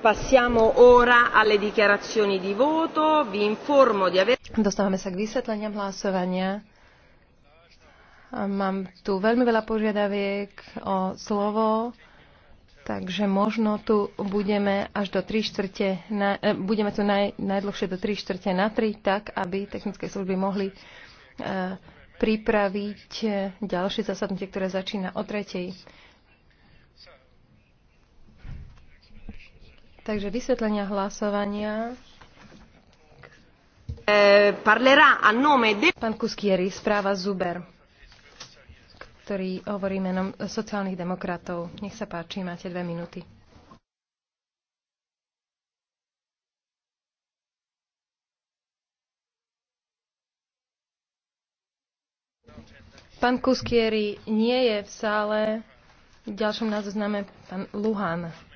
Passiamo ora alle dichiarazioni di voto. Vi informo di aver... Dostávame sa k vysvetleniam hlasovania. Mám tu veľmi veľa požiadaviek o slovo, takže možno tu budeme až do 3 čtvrte, na, eh, budeme tu naj, najdlhšie do 3 čtvrte na 3, tak aby technické služby mohli eh, pripraviť e, ďalšie zasadnutie, ktoré začína o tretej. Takže vysvetlenia hlasovania. Eh, pán Kuskieri, správa Zuber, ktorý hovorí menom sociálnych demokratov. Nech sa páči, máte dve minúty. Pán Kuskieri nie je v sále. V ďalšom na známe pán Luhan.